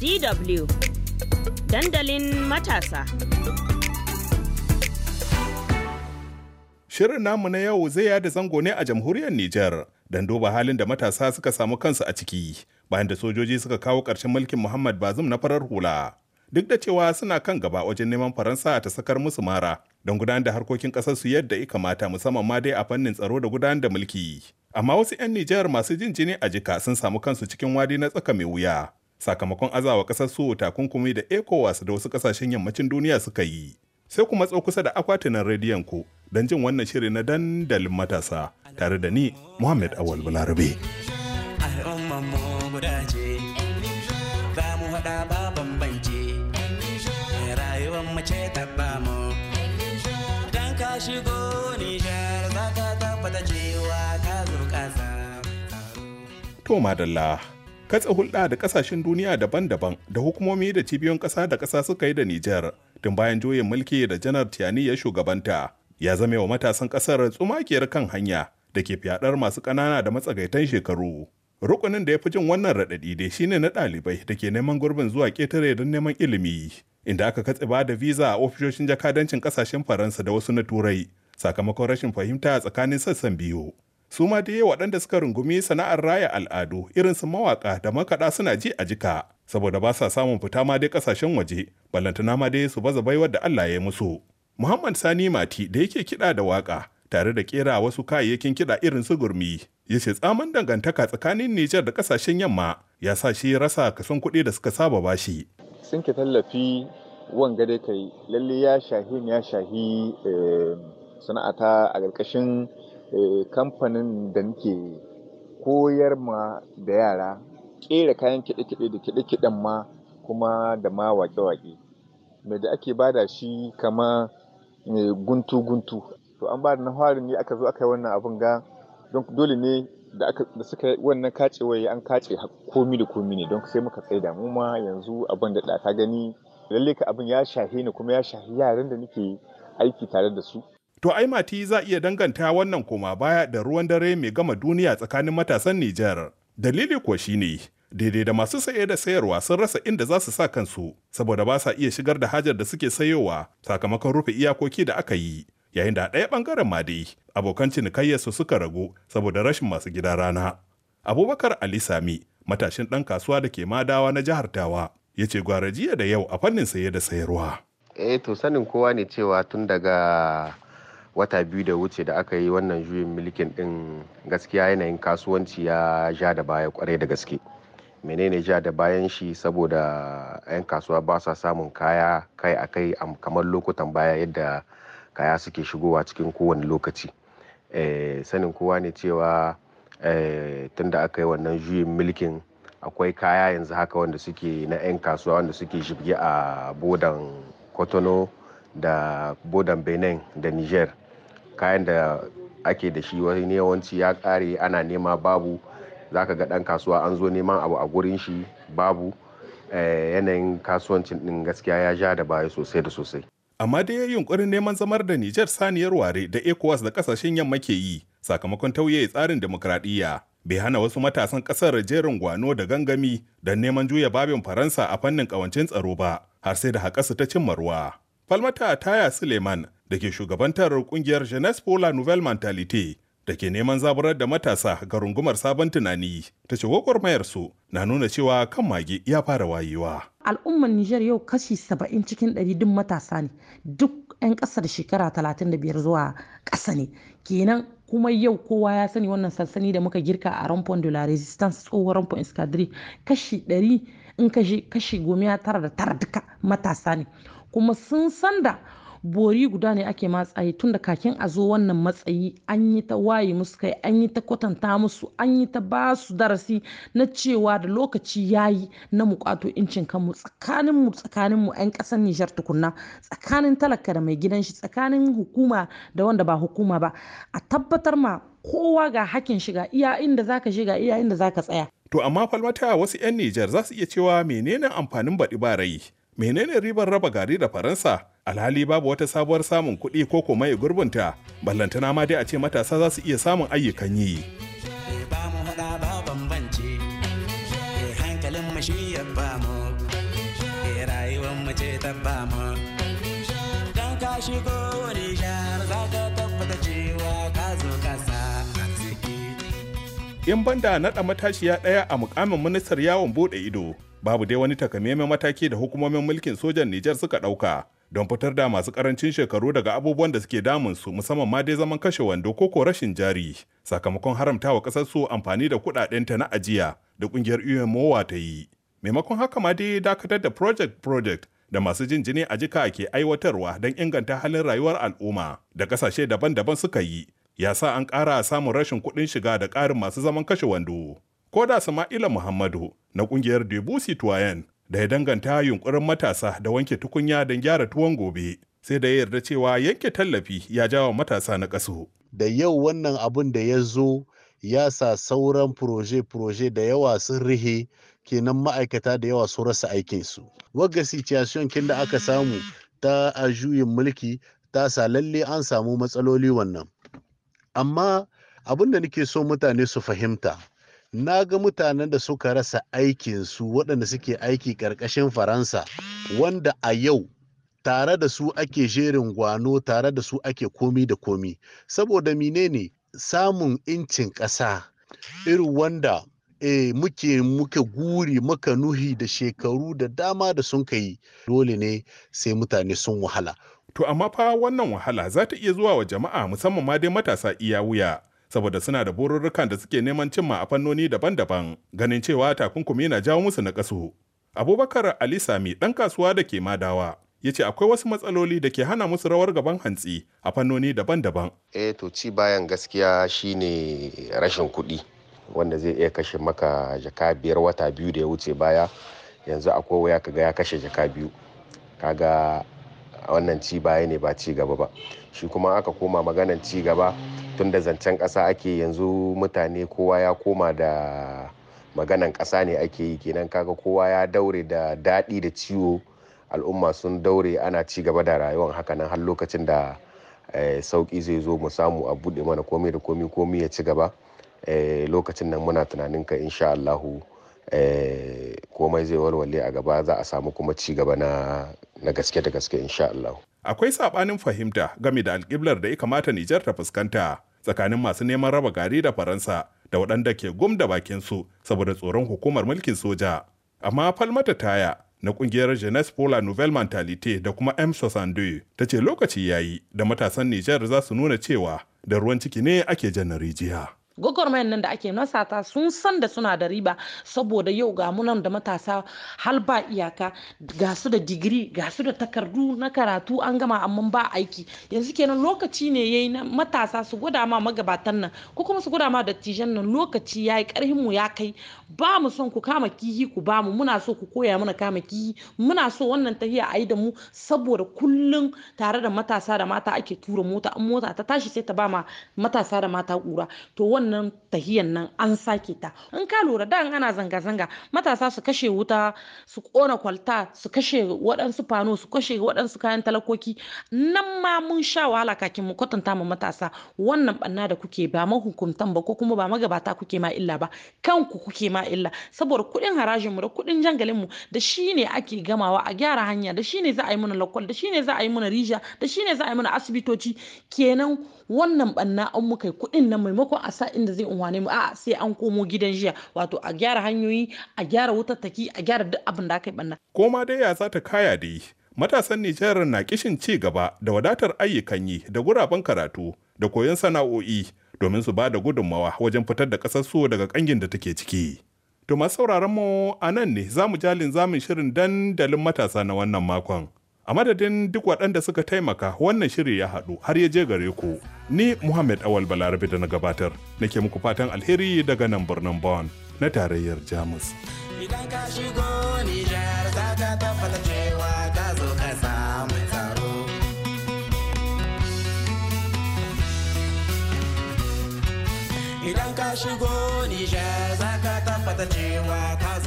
DW dandalin matasa. Shirin namu na yau zai yada zango ne a jamhuriyar Nijar don duba halin da matasa suka samu kansu a ciki bayan da sojoji suka kawo ƙarshen mulkin Muhammad Bazum na farar hula. Duk da cewa suna kan gaba wajen neman Faransa ta sakar musu mara don gudanar da harkokin ƙasar su yadda ika mata musamman ma dai a fannin tsaro da gudanar da mulki. Amma wasu 'yan Nijar masu jin jini a jika sun samu kansu cikin wadi na tsaka mai wuya. sakamakon azawa ƙasar su takunkumi da ecowas da wasu ƙasashen yammacin duniya suka yi sai kuma tso kusa da akwatinan rediyon ku don jin wannan shiri na dandalin matasa tare da ni muhammad awal balarabe To madalla katse hulɗa da kasashen duniya daban-daban da hukumomi da cibiyoyin ƙasa da ƙasa suka yi da Nijar tun bayan juyin mulki da janar Tiani ya shugabanta ya zame wa matasan ƙasar tsumakiyar kan hanya da ke fyaɗar masu ƙanana da matsagaitan shekaru. Rukunin da ya fi jin wannan raɗaɗi shi ne na ɗalibai da ke neman gurbin zuwa ƙetare don neman ilimi inda aka katse ba da visa a ofishoshin jakadancin ƙasashen Faransa da wasu na Turai sakamakon rashin fahimta tsakanin sassan biyu. su ma dai waɗanda suka rungumi sana'ar raya al'adu irin su mawaƙa da makaɗa suna ji a jika saboda ba sa samun fita ma dai ƙasashen waje ballantana ma dai su baza baiwar da Allah ya musu Muhammad Sani Mati da yake kiɗa da waƙa tare da ƙera wasu kayayyakin kiɗa irin su gurmi ya ce tsaman dangantaka tsakanin Nijar da ƙasashen yamma ya sa shi rasa kason kuɗi da suka saba bashi. Sun ki tallafi wanga dai kai lalle ya shahi ya shahi eh, sana'ata a ƙarƙashin Eh, kamfanin da nake koyar ma da yara kera kayan kiɗe-kiɗe da kiɗe-kiɗen ma kuma da ma waƙe-waƙe. Mai da ake bada shi kama eh, guntu-guntu. To an bada na farin ne aka zo aka yi wannan abin ga dole ne da aka da suka wannan kacewai an kace komi da komi ne don sai muka tsaye damu ma yanzu abin da ka gani lalle ka abin ya shahe ni kuma ya shahi yaran da nake aiki tare da su. To ai mati za iya danganta wannan koma baya da ruwan dare mai gama duniya tsakanin matasan Nijar. Dalili kuwa ne daidai da masu saye da sayarwa sun rasa inda za su sa kansu saboda ba sa iya shigar da hajar da suke sayowa sakamakon rufe iyakoki da aka yi. Yayin da ɗaya ɓangaren ma dai abokan cinikayyarsu suka ragu saboda rashin masu gida rana. Abubakar Ali Sami matashin ɗan kasuwa da ke madawa na jihar Tawa ya ce gwara jiya da yau a fannin saye da sayarwa. Eh to sanin kowa ne cewa tun daga wata biyu da wuce da aka yi wannan juyin mulkin din gaskiya yanayin kasuwanci ya ja da baya kwarai da gaske menene ja da bayan shi saboda 'yan kasuwa ba sa samun kaya kai a kai kamar lokutan baya yadda kaya suke shigowa cikin kowane lokaci eh, sanin kowa ne cewa eh, tunda aka yi wannan juyin mulkin akwai kaya yanzu haka wanda suke na 'yan kasuwa wanda suke shige a bodan kotono da bodan benin da niger kayan da ake da shi wani yawanci ya kare ana nema babu za ka ga ɗan kasuwa an zo neman abu a gurin shi babu eh, yanayin kasuwancin ɗin gaskiya ya ja da baya sosai da sosai amma dai yunkurin neman zamar da niger saniyar ware da ECOWAS da kasashen yamma ke yi sakamakon tauye tsarin demokradiyya bai hana wasu matasan kasar jerin gwano da gangami don neman juya babin Faransa a fannin kawancin tsaro ba har sai da haƙasu ta cimma ruwa. falmata taya suleiman da ke shugabantar kungiyar jeunesse pour la nouvelle mentalité da ke neman zaburar da matasa ga rungumar sabon tunani ta ce gwagwarmayarsu na nuna cewa kan mage ya fara wayewa. Al'ummar Nijar yau kashi 70 cikin 100 duk matasa ne duk 'yan ƙasar shekara 35 zuwa ƙasa ne kenan kuma yau kowa ya sani wannan sansani da muka girka a rampon de la resistance tsohon rampon escadrille kashi 100 in kashi goma tara da tara duka matasa ne kuma sun san da bori guda ne ake matsayi tun da kakin a zo wannan matsayi an yi ta waye musu kai an yi ta kwatanta musu an yi ta ba su darasi na cewa da lokaci ya yi na mu kwato incin kanmu tsakanin mu tsakanin mu 'yan ƙasan nijar tukunna tsakanin talaka da mai gidan shi tsakanin hukuma da wanda ba hukuma ba a tabbatar ma kowa ga hakin shiga iya inda zaka shiga iya inda zaka tsaya to amma falmata wasu 'yan nijar za su iya cewa menene amfanin baɗi ba rai menene ribar raba gari da faransa alhali babu wata sabuwar samun kuɗi ko kuma ya gurbinta ballantana ma dai a ce matasa za su iya samun ayyukan yi in banda naɗa matashiya ɗaya a mukamin ministar yawon buɗe ido babu dai wani takamaiman mataki da hukumomin mulkin sojan Nijar suka ɗauka don fitar da masu ƙarancin shekaru daga abubuwan da suke damun su musamman ma dai zaman kashe wando ko ko rashin jari sakamakon haramta wa kasar su amfani da kuɗaɗen ta na ajiya da kungiyar UMOA ta yi maimakon haka ma dai dakatar da project project da masu jin jini a jika ke aiwatarwa don inganta halin rayuwar al'umma da ƙasashe daban-daban suka yi ya sa an ƙara samun rashin kuɗin shiga da ƙarin masu zaman kashe wando ko da Sama'ila Muhammadu na kungiyar Debo Citoyen da ya danganta yunkurin matasa da wanke tukunya don gyara tuwon gobe sai da ya yarda cewa yanke tallafi ya jawo matasa na kaso. Da yau wannan abun da ya zo ya sa sauran proje-proje da yawa sun rihe kenan ma'aikata da yawa sun rasa aikinsu. Wagga situation kin da aka samu ta a juyin mulki ta sa lalle an samu matsaloli wannan. Amma abin da nake so mutane su fahimta na ga mutanen da suka rasa aikinsu waɗanda suke aiki ƙarƙashin faransa wanda a yau tare da su ake jerin gwano tare da su ake komi da komi saboda menene samun incin ƙasa irin wanda e, muke muke guri muka nuhi da shekaru da dama da sun kai dole ne sai mutane sun wahala to amma fa wannan wahala za ta iya zuwa wa jama'a musamman ma dai matasa iya wuya saboda suna da bururrukan da suke neman cimma a fannoni daban-daban ganin cewa takunkumi na jawo musu na kasu. Abubakar Ali Sami ɗan kasuwa da ke madawa ya ce akwai wasu matsaloli da ke hana musu rawar gaban hantsi a fannoni daban-daban. Eh to ci bayan gaskiya shine rashin kuɗi wanda zai iya kashe maka jaka biyar wata biyu da ya wuce baya yanzu akwai waya kaga ya kashe jaka biyu kaga a wannan ci baya ne ba ci gaba ba shi kuma aka koma maganan ci gaba tun da zancen ƙasa ake yanzu mutane kowa ya koma da maganan ƙasa ne ake yi kenan kaga kowa ya daure da daɗi da ciwo al'umma sun daure ana ci gaba da rayuwar hakanan har lokacin da eh, sauƙi zai zo mu samu a buɗe mana komai da komi komi ya ci gaba eh, lokacin nan muna tunanin ka insha Allahu Eh, komai zai walwale a gaba za a samu kuma ci gaba na gaske da gaske insha Allah. Akwai saɓanin fahimta game da alƙiblar da ya kamata Nijar ta fuskanta tsakanin masu neman raba gari da Faransa da waɗanda ke gum da bakin su saboda tsoron hukumar mulkin soja. Amma falmata taya na kungiyar Jeunesse pour la Nouvelle Mentalité da kuma M62 ta ce lokaci yayi da matasan Nijar za su nuna cewa da ruwan ciki ne ake jan rijiya. gwagwarmayan nan da ake nasata sun san da suna da riba saboda yau ga munan da matasa hal ba iyaka ga su da digiri ga su da takardu na karatu an gama amma ba aiki yanzu kenan lokaci ne yayi na matasa su gwada ma magabatan nan ko kuma su gwada ma dattijan nan lokaci yayi karhin mu ya kai ba mu son ku kama kihi ku ba mu muna so ku koya mana kama kihi muna so wannan tahiya a yi da mu saboda kullun tare da matasa da mata ake tura mota an mota ta tashi sai ta ba ma matasa da mata kura to wannan wannan tahiyan nan an sake ta in ka lura da ana zanga-zanga matasa su kashe wuta su kona kwalta su kashe waɗansu fano su kashe waɗansu kayan talakoki nan ma mun sha wahala kakin mu kwatanta ma matasa wannan banna da kuke ba mahukuntan ba ko kuma ba magabata kuke ma illa ba kanku kuke ma illa saboda kuɗin harajin mu da kuɗin jangalin mu da shine ake gamawa a gyara hanya da shine za a yi mana lakwal da shine za a yi mana rija da shine za a yi mana asibitoci kenan wannan banna an muka yi kuɗin nan maimakon a sa inda zai unwane mu a'a sai an komo gidan jiya wato a gyara hanyoyi a gyara taki a gyara duk abin da aka yi banna. koma dai ya za ta kaya dai matasan Nijar na kishin ci gaba da wadatar ayyukan yi da guraben karatu da koyon sana'o'i domin su ba da gudunmawa wajen fitar da ƙasar su daga kangin da take ciki. To masu sauraron mu a nan ne za mu jalin zamin shirin dandalin matasa na wannan makon. a madadin duk waɗanda suka taimaka wannan shiri ya haɗu har ya je gare ku ni muhammad awal balarabe da na gabatar nake muku fatan alheri daga nan birnin Bon na tarayyar jamus idan ka shigo nijar za ka tabbata shigo nijar za cewa ka